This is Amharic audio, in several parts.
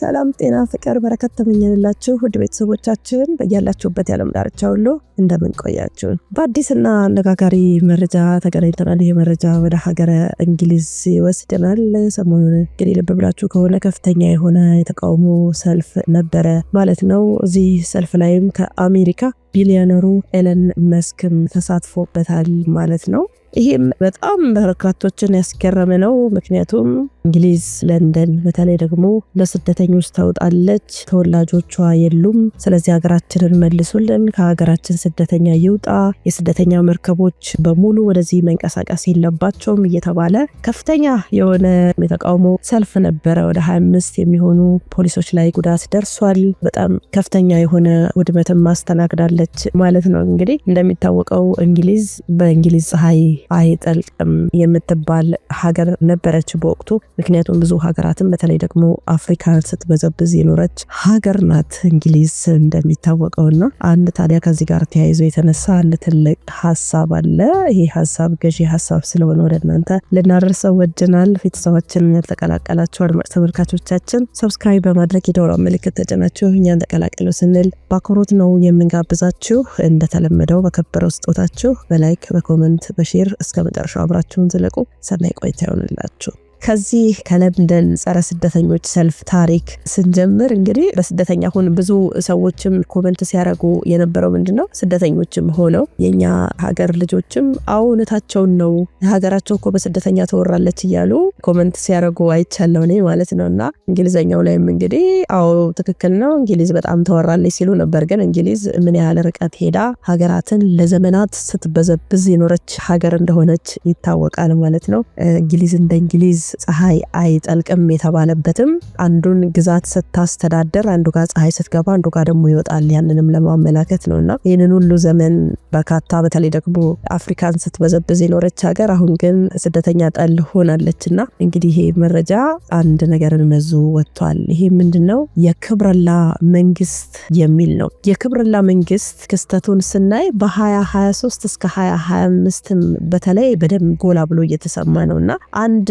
ሰላም ጤና ፍቅር በረከት ተመኘንላችሁ ውድ ቤተሰቦቻችን በያላችሁበት የዓለም ዳርቻ ሁሉ እንደምን ቆያችሁ። በአዲስና አነጋጋሪ መረጃ ተገናኝተናል። ይህ መረጃ ወደ ሀገረ እንግሊዝ ይወስደናል። ሰሞኑን እንግዲህ ልብ ብላችሁ ከሆነ ከፍተኛ የሆነ የተቃውሞ ሰልፍ ነበረ ማለት ነው። እዚህ ሰልፍ ላይም ከአሜሪካ ቢሊዮነሩ ኤለን መስክም ተሳትፎበታል ማለት ነው። ይህም በጣም በርካቶችን ያስገረመ ነው። ምክንያቱም እንግሊዝ ለንደን በተለይ ደግሞ ለስደተኞች ታውጣለች። ተወላጆቿ የሉም። ስለዚህ ሀገራችንን መልሱልን፣ ከሀገራችን ስደተኛ ይውጣ፣ የስደተኛ መርከቦች በሙሉ ወደዚህ መንቀሳቀስ የለባቸውም እየተባለ ከፍተኛ የሆነ የተቃውሞ ሰልፍ ነበረ። ወደ 25 የሚሆኑ ፖሊሶች ላይ ጉዳት ደርሷል። በጣም ከፍተኛ የሆነ ውድመትን ማስተናግዳለች ማለት ነው። እንግዲህ እንደሚታወቀው እንግሊዝ በእንግሊዝ ፀሐይ አይጠልቅም የምትባል ሀገር ነበረች በወቅቱ ምክንያቱም ብዙ ሀገራትን በተለይ ደግሞ አፍሪካን ስትበዘብዝ የኖረች ሀገር ናት እንግሊዝ እንደሚታወቀው ና አንድ ታዲያ ከዚህ ጋር ተያይዞ የተነሳ አንድ ትልቅ ሀሳብ አለ። ይህ ሀሳብ ገዢ ሀሳብ ስለሆነ ወደ እናንተ ልናደርሰው ወድናል። ቤተሰባችን ያልተቀላቀላችሁ አድማጭ ተመልካቾቻችን ሰብስክራይብ በማድረግ የደወል ምልክት ተጭናችሁ እኛን ተቀላቀሉ ስንል በአክብሮት ነው የምንጋብዛችሁ። እንደተለመደው በከበረው ስጦታችሁ በላይክ በኮመንት በሼር እስከ መጨረሻው አብራችሁን ዝለቁ። ሰናይ ቆይታ ይሆንላችሁ። ከዚህ ከለንደን ጸረ ስደተኞች ሰልፍ ታሪክ ስንጀምር እንግዲህ በስደተኛ ሁን ብዙ ሰዎችም ኮመንት ሲያደርጉ የነበረው ምንድን ነው ስደተኞችም ሆነው የኛ ሀገር ልጆችም አውነታቸውን ነው ሀገራቸው እኮ በስደተኛ ተወራለች እያሉ ኮመንት ሲያደርጉ አይቻለው እኔ ማለት ነው። እና እንግሊዝኛው ላይም እንግዲህ አዎ ትክክል ነው እንግሊዝ በጣም ተወራለች ሲሉ ነበር። ግን እንግሊዝ ምን ያህል ርቀት ሄዳ ሀገራትን ለዘመናት ስትበዘብዝ የኖረች ሀገር እንደሆነች ይታወቃል ማለት ነው። እንግሊዝ እንደ እንግሊዝ ፀሐይ አይጠልቅም የተባለበትም አንዱን ግዛት ስታስተዳደር አንዱ ጋር ፀሐይ ስትገባ አንዱ ጋር ደግሞ ይወጣል ያንንም ለማመላከት ነው እና ይህንን ሁሉ ዘመን በርካታ በተለይ ደግሞ አፍሪካን ስትበዘብዝ የኖረች ሀገር አሁን ግን ስደተኛ ጠል ሆናለች። እና እንግዲህ ይሄ መረጃ አንድ ነገርን መዞ ወጥቷል። ይሄ ምንድን ነው? የክብረላ መንግስት የሚል ነው። የክብረላ መንግስት ክስተቱን ስናይ በ2023 እስከ 2025 በተለይ በደም ጎላ ብሎ እየተሰማ ነው እና አንድ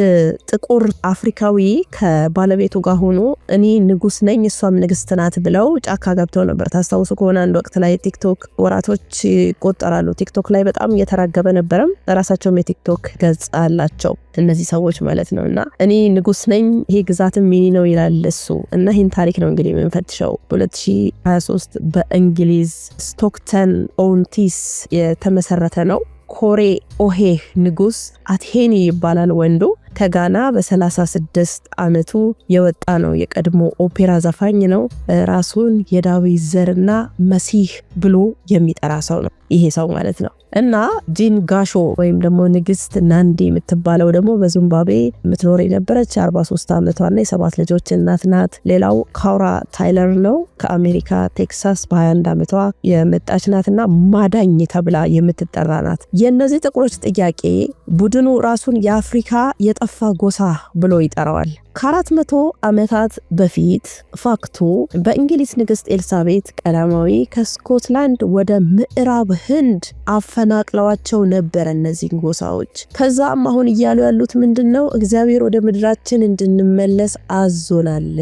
ጥቁር አፍሪካዊ ከባለቤቱ ጋር ሆኖ እኔ ንጉስ ነኝ እሷም ንግስት ናት ብለው ጫካ ገብተው ነበር። ታስታውሱ ከሆነ አንድ ወቅት ላይ ቲክቶክ ወራቶች ይቆጠራሉ። ቲክቶክ ላይ በጣም እየተራገበ ነበረም። ራሳቸውም የቲክቶክ ገጽ አላቸው እነዚህ ሰዎች ማለት ነው። እና እኔ ንጉስ ነኝ ይሄ ግዛትም ሚኒ ነው ይላል እሱ። እና ይህን ታሪክ ነው እንግዲህ የምንፈትሸው። በ2023 በእንግሊዝ ስቶክተን ኦንቲስ የተመሰረተ ነው። ኮሬ ኦሄ ንጉስ አትሄኒ ይባላል ወንዱ። ከጋና በ36 ዓመቱ የወጣ ነው። የቀድሞ ኦፔራ ዘፋኝ ነው። ራሱን የዳዊት ዘርና መሲህ ብሎ የሚጠራ ሰው ነው ይሄ ሰው ማለት ነው። እና ጂን ጋሾ ወይም ደግሞ ንግስት ናንዲ የምትባለው ደግሞ በዚምባብዌ የምትኖር የነበረች 43 ዓመቷና የሰባት ልጆች እናት ናት። ሌላው ካውራ ታይለር ነው። ከአሜሪካ ቴክሳስ በ21 ዓመቷ የመጣች ናትና ማዳኝ ተብላ የምትጠራ ናት። የእነዚህ ጥቁሮች ጥያቄ ቡድኑ ራሱን የአፍሪካ የጠፋ ጎሳ ብሎ ይጠራዋል። ከአራት መቶ ዓመታት በፊት ፋክቱ በእንግሊዝ ንግሥት ኤልሳቤት ቀዳማዊ ከስኮትላንድ ወደ ምዕራብ ህንድ አፈናቅለዋቸው ነበር እነዚህን ጎሳዎች። ከዛም አሁን እያሉ ያሉት ምንድን ነው? እግዚአብሔር ወደ ምድራችን እንድንመለስ አዞናል፣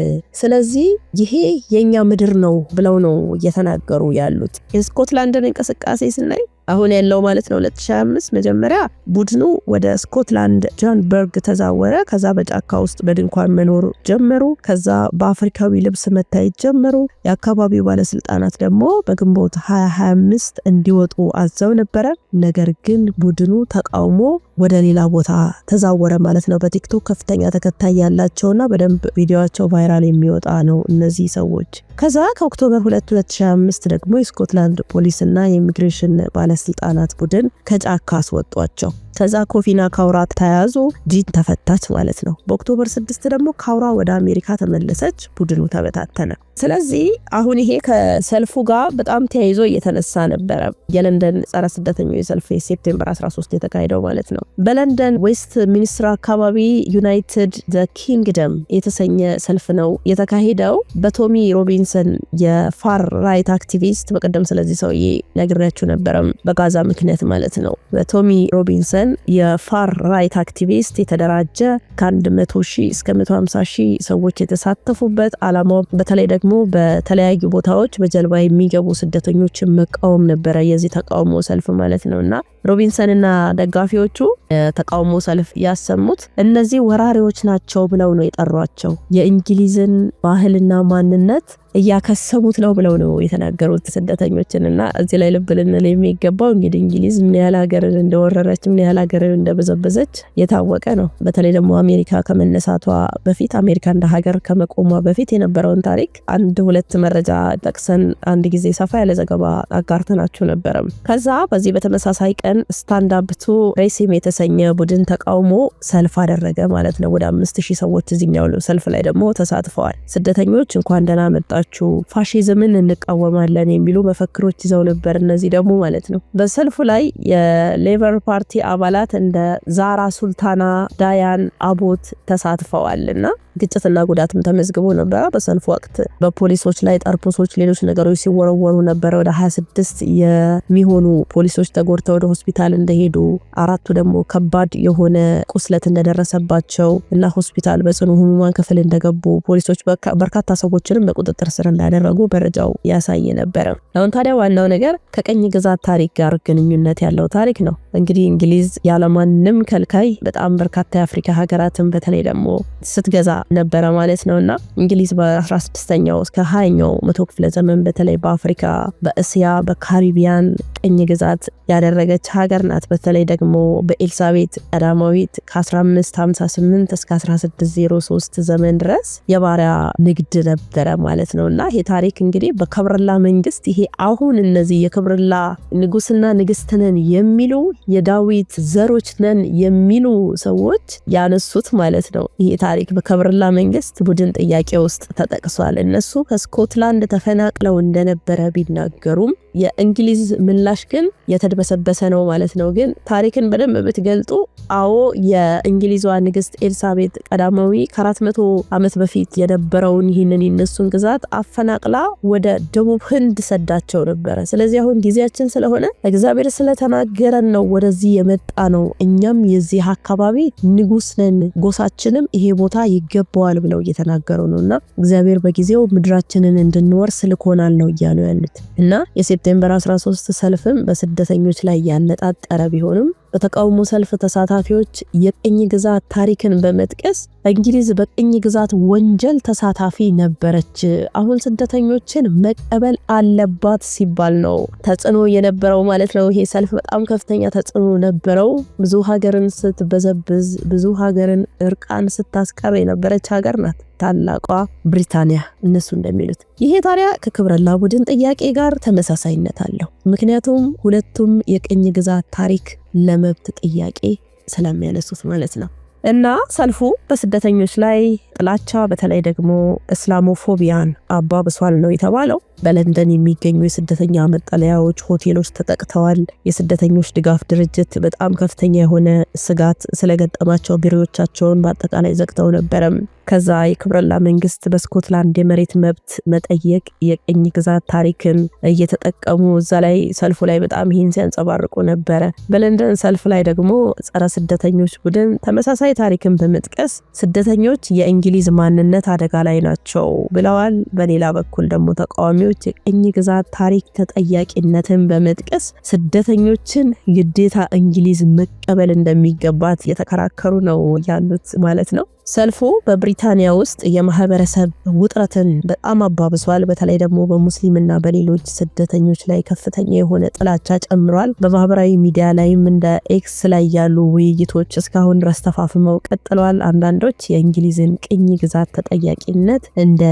ስለዚህ ይሄ የእኛ ምድር ነው ብለው ነው እየተናገሩ ያሉት። የስኮትላንድን እንቅስቃሴ ስናይ አሁን ያለው ማለት ነው 2025 መጀመሪያ ቡድኑ ወደ ስኮትላንድ ጆንበርግ ተዛወረ። ከዛ በጫካ ውስጥ በድንኳ እንኳን መኖር ጀመሩ። ከዛ በአፍሪካዊ ልብስ መታየት ጀመሩ። የአካባቢው ባለስልጣናት ደግሞ በግንቦት 2025 እንዲወጡ አዘው ነበረ። ነገር ግን ቡድኑ ተቃውሞ ወደ ሌላ ቦታ ተዛወረ ማለት ነው። በቲክቶክ ከፍተኛ ተከታይ ያላቸውና በደንብ ቪዲዮቸው ቫይራል የሚወጣ ነው እነዚህ ሰዎች ከዛ ከኦክቶበር 2 ደግሞ የስኮትላንድ ፖሊስና የኢሚግሬሽን ባለስልጣናት ቡድን ከጫካ አስወጧቸው። ከዛ ኮፊና ካውራ ተያዙ፣ ጂን ተፈታች ማለት ነው። በኦክቶበር 6 ደግሞ ካውራ ወደ አሜሪካ ተመለሰች፣ ቡድኑ ተበታተነ። ስለዚህ አሁን ይሄ ከሰልፉ ጋር በጣም ተያይዞ እየተነሳ ነበረ። የለንደን ጸረ ስደተኞች ሰልፍ ሴፕቴምበር 13 የተካሄደው ማለት ነው። በለንደን ዌስት ሚኒስትር አካባቢ ዩናይትድ ዘ ኪንግደም የተሰኘ ሰልፍ ነው የተካሄደው በቶሚ ሮቢን ሮቢንሰን የፋር ራይት አክቲቪስት፣ በቀደም ስለዚህ ሰውዬ ነግሬያችሁ ነበረም በጋዛ ምክንያት ማለት ነው። በቶሚ ሮቢንሰን የፋር ራይት አክቲቪስት የተደራጀ ከ100 ሺህ እስከ 150 ሺህ ሰዎች የተሳተፉበት አላማው በተለይ ደግሞ በተለያዩ ቦታዎች በጀልባ የሚገቡ ስደተኞችን መቃወም ነበረ። የዚህ ተቃውሞ ሰልፍ ማለት ነው እና ሮቢንሰንና ደጋፊዎቹ የተቃውሞ ሰልፍ ያሰሙት እነዚህ ወራሪዎች ናቸው ብለው ነው የጠሯቸው። የእንግሊዝን ባህልና ማንነት እያከሰሙት ነው ብለው ነው የተናገሩት ስደተኞችን። እና እዚህ ላይ ልብ ልንል የሚገባው እንግዲህ እንግሊዝ ምን ያህል ሀገርን እንደወረረች ምን ያህል ሀገርን እንደበዘበዘች የታወቀ ነው። በተለይ ደግሞ አሜሪካ ከመነሳቷ በፊት አሜሪካ እንደ ሀገር ከመቆሟ በፊት የነበረውን ታሪክ አንድ ሁለት መረጃ ጠቅሰን አንድ ጊዜ ሰፋ ያለ ዘገባ አጋርተናችሁ ነበረም። ከዛ በዚህ በተመሳሳይ ቀን ስታንዳፕቱ ቱ ሬሲም የተሰኘ ቡድን ተቃውሞ ሰልፍ አደረገ ማለት ነው። ወደ አምስት ሺህ ሰዎች እዚኛው ሰልፍ ላይ ደግሞ ተሳትፈዋል። ስደተኞች እንኳን ደህና መጣ ያላችሁ፣ ፋሽዝምን እንቃወማለን የሚሉ መፈክሮች ይዘው ነበር። እነዚህ ደግሞ ማለት ነው በሰልፉ ላይ የሌበር ፓርቲ አባላት እንደ ዛራ ሱልታና፣ ዳያን አቦት ተሳትፈዋል እና ግጭትና ጉዳትም ተመዝግቦ ነበረ። በሰልፍ ወቅት በፖሊሶች ላይ ጠርሙሶች፣ ሌሎች ነገሮች ሲወረወሩ ነበረ። ወደ 26 የሚሆኑ ፖሊሶች ተጎድተው ወደ ሆስፒታል እንደሄዱ አራቱ ደግሞ ከባድ የሆነ ቁስለት እንደደረሰባቸው እና ሆስፒታል በጽኑ ህሙማን ክፍል እንደገቡ ፖሊሶች በርካታ ሰዎችንም በቁጥጥር ስር እንዳደረጉ መረጃው ያሳይ ነበረ። አሁን ታዲያ ዋናው ነገር ከቀኝ ግዛት ታሪክ ጋር ግንኙነት ያለው ታሪክ ነው። እንግዲህ እንግሊዝ ያለማንም ከልካይ በጣም በርካታ የአፍሪካ ሀገራትን በተለይ ደግሞ ስትገዛ ነበረ ማለት ነው እና እንግሊዝ በ16ኛው እስከ 20ኛው መቶ ክፍለ ዘመን በተለይ በአፍሪካ፣ በእስያ፣ በካሪቢያን ቀኝ ግዛት ያደረገች ሀገር ናት። በተለይ ደግሞ በኤልሳቤት ቀዳማዊት ከ1558 እስከ 1603 ዘመን ድረስ የባሪያ ንግድ ነበረ ማለት ነው እና ይሄ ታሪክ እንግዲህ በክብርላ መንግስት ይሄ አሁን እነዚህ የክብርላ ንጉስና ንግስት ነን የሚሉ የዳዊት ዘሮች ነን የሚሉ ሰዎች ያነሱት ማለት ነው። ይሄ ታሪክ በከብርላ መንግስት ቡድን ጥያቄ ውስጥ ተጠቅሷል። እነሱ ከስኮትላንድ ተፈናቅለው እንደነበረ ቢናገሩም የእንግሊዝ ምላሽ ግን የተድበሰበሰ ነው ማለት ነው። ግን ታሪክን በደንብ ብትገልጡ፣ አዎ የእንግሊዟ ንግስት ኤልሳቤት ቀዳማዊ ከ400 ዓመት በፊት የነበረውን ይህንን የነሱን ግዛት አፈናቅላ ወደ ደቡብ ህንድ ሰዳቸው ነበረ። ስለዚህ አሁን ጊዜያችን ስለሆነ እግዚአብሔር ስለተናገረን ነው ወደዚህ የመጣ ነው። እኛም የዚህ አካባቢ ንጉስ ነን፣ ጎሳችንም ይሄ ቦታ ይገባዋል ብለው እየተናገሩ ነው እና እግዚአብሔር በጊዜው ምድራችንን እንድንወርስ ልኮናል ነው እያሉ ያሉት እና ሴፕቴምበር 13 ሰልፍም በስደተኞች ላይ ያነጣጠረ ቢሆንም በተቃውሞ ሰልፍ ተሳታፊዎች የቅኝ ግዛት ታሪክን በመጥቀስ እንግሊዝ በቅኝ ግዛት ወንጀል ተሳታፊ ነበረች፣ አሁን ስደተኞችን መቀበል አለባት ሲባል ነው ተጽዕኖ የነበረው ማለት ነው። ይሄ ሰልፍ በጣም ከፍተኛ ተጽዕኖ ነበረው። ብዙ ሀገርን ስትበዘብዝ፣ ብዙ ሀገርን እርቃን ስታስቀር የነበረች ሀገር ናት ታላቋ ብሪታንያ እነሱ እንደሚሉት። ይሄ ታዲያ ከክብረላ ቡድን ጥያቄ ጋር ተመሳሳይነት አለው። ምክንያቱም ሁለቱም የቅኝ ግዛት ታሪክ ለመብት ጥያቄ ስለሚያነሱት ማለት ነው። እና ሰልፉ በስደተኞች ላይ ጥላቻ በተለይ ደግሞ እስላሞፎቢያን አባብሷል ነው የተባለው። በለንደን የሚገኙ የስደተኛ መጠለያዎች፣ ሆቴሎች ተጠቅተዋል። የስደተኞች ድጋፍ ድርጅት በጣም ከፍተኛ የሆነ ስጋት ስለገጠማቸው ቢሮዎቻቸውን በአጠቃላይ ዘግተው ነበረም። ከዛ የክብረላ መንግስት በስኮትላንድ የመሬት መብት መጠየቅ የቅኝ ግዛት ታሪክን እየተጠቀሙ እዛ ላይ ሰልፉ ላይ በጣም ይህን ሲያንጸባርቁ ነበረ። በለንደን ሰልፍ ላይ ደግሞ ጸረ ስደተኞች ቡድን ተመሳሳይ ታሪክን በመጥቀስ ስደተኞች የእንግ የእንግሊዝ ማንነት አደጋ ላይ ናቸው ብለዋል። በሌላ በኩል ደግሞ ተቃዋሚዎች የቅኝ ግዛት ታሪክ ተጠያቂነትን በመጥቀስ ስደተኞችን ግዴታ እንግሊዝ መቀበል እንደሚገባት እየተከራከሩ ነው ያሉት ማለት ነው። ሰልፉ በብሪታንያ ውስጥ የማህበረሰብ ውጥረትን በጣም አባብሷል። በተለይ ደግሞ በሙስሊምና በሌሎች ስደተኞች ላይ ከፍተኛ የሆነ ጥላቻ ጨምሯል። በማህበራዊ ሚዲያ ላይም እንደ ኤክስ ላይ ያሉ ውይይቶች እስካሁን ድረስ ተፋፍመው ቀጥለዋል። አንዳንዶች የእንግሊዝን ቅኝ ግዛት ተጠያቂነት እንደ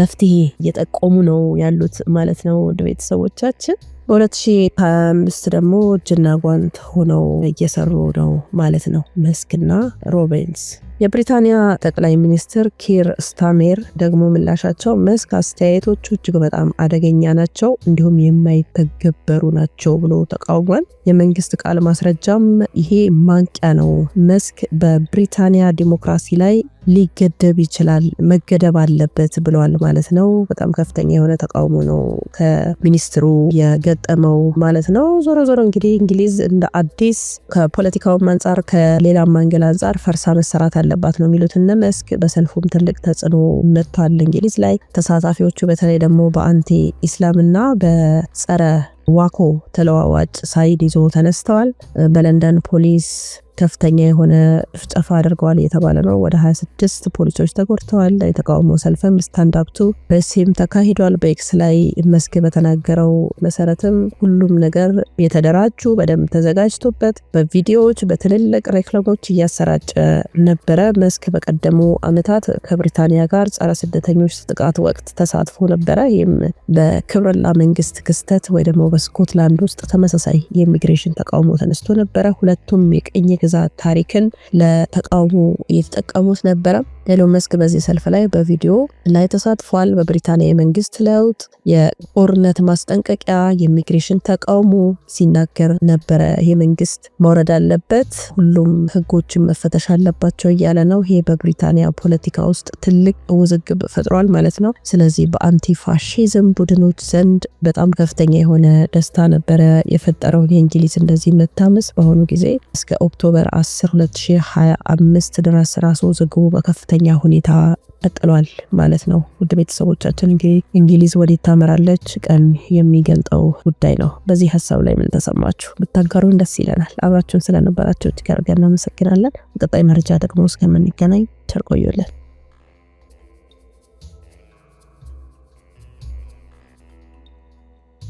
መፍትሄ እየጠቆሙ ነው ያሉት ማለት ነው። ቤተሰቦቻችን በ2025 ደግሞ እጅና ጓንት ሆነው እየሰሩ ነው ማለት ነው መስክና ሮቢንስ የብሪታንያ ጠቅላይ ሚኒስትር ኪር ስታሜር ደግሞ ምላሻቸው መስክ አስተያየቶቹ እጅግ በጣም አደገኛ ናቸው፣ እንዲሁም የማይተገበሩ ናቸው ብሎ ተቃውሟል። የመንግስት ቃል ማስረጃም ይሄ ማንቂያ ነው፣ መስክ በብሪታንያ ዲሞክራሲ ላይ ሊገደብ ይችላል፣ መገደብ አለበት ብለዋል ማለት ነው። በጣም ከፍተኛ የሆነ ተቃውሞ ነው ከሚኒስትሩ የገጠመው ማለት ነው። ዞሮ ዞሮ እንግዲህ እንግሊዝ እንደ አዲስ ከፖለቲካውም አንጻር ከሌላም ማንገል አንጻር ፈርሳ መሰራት አለባት ነው የሚሉት እነ መስክ። በሰልፉም ትልቅ ተጽዕኖ መጥቷል እንግሊዝ ላይ። ተሳታፊዎቹ በተለይ ደግሞ በአንቲ ኢስላምና በጸረ ዋኮ ተለዋዋጭ ሳይድ ይዞ ተነስተዋል። በለንደን ፖሊስ ከፍተኛ የሆነ ጭፍጨፋ አድርገዋል እየተባለ ነው። ወደ 26 ፖሊሶች ተጎድተዋል። የተቃውሞ ሰልፍም ስታንዳፕቱ በሴም ተካሂዷል። በኤክስ ላይ መስክ በተናገረው መሰረትም ሁሉም ነገር የተደራጁ በደንብ ተዘጋጅቶበት በቪዲዮዎች በትልልቅ ሬክላሞች እያሰራጨ ነበረ። መስክ በቀደሙ ዓመታት ከብሪታንያ ጋር ጸረ ስደተኞች ጥቃት ወቅት ተሳትፎ ነበረ። ይህም በክብርላ መንግስት ክስተት ወይ ደግሞ በስኮትላንድ ውስጥ ተመሳሳይ የኢሚግሬሽን ተቃውሞ ተነስቶ ነበረ። ሁለቱም የቅኝ ግዛት ታሪክን ለተቃውሞ እየተጠቀሙት ነበረ። ኤሎን መስክ በዚህ ሰልፍ ላይ በቪዲዮ ላይ ተሳትፏል። በብሪታንያ የመንግስት ለውጥ፣ የጦርነት ማስጠንቀቂያ፣ የኢሚግሬሽን ተቃውሞ ሲናገር ነበረ። የመንግስት መውረድ አለበት፣ ሁሉም ህጎችን መፈተሽ አለባቸው እያለ ነው። ይሄ በብሪታንያ ፖለቲካ ውስጥ ትልቅ ውዝግብ ፈጥሯል ማለት ነው። ስለዚህ በአንቲፋሽዝም ቡድኖች ዘንድ በጣም ከፍተኛ የሆነ ደስታ ነበረ የፈጠረውን የእንግሊዝ እንደዚህ መታመስ በአሁኑ ጊዜ እስከ ኦክቶበር 10 2025 ድረስ ራሱ ዝግቡ በከፍተኛ ሁኔታ ቀጥሏል ማለት ነው። ውድ ቤተሰቦቻችን እንግዲህ እንግሊዝ ወዴት ታመራለች ቀን የሚገልጠው ጉዳይ ነው። በዚህ ሀሳብ ላይ ምን ተሰማችሁ ብታጋሩን ደስ ይለናል። አብራችሁን ስለነበራችሁ ጋር እናመሰግናለን። በቀጣይ መረጃ ደግሞ እስከምንገናኝ ቸር ቆዩልን።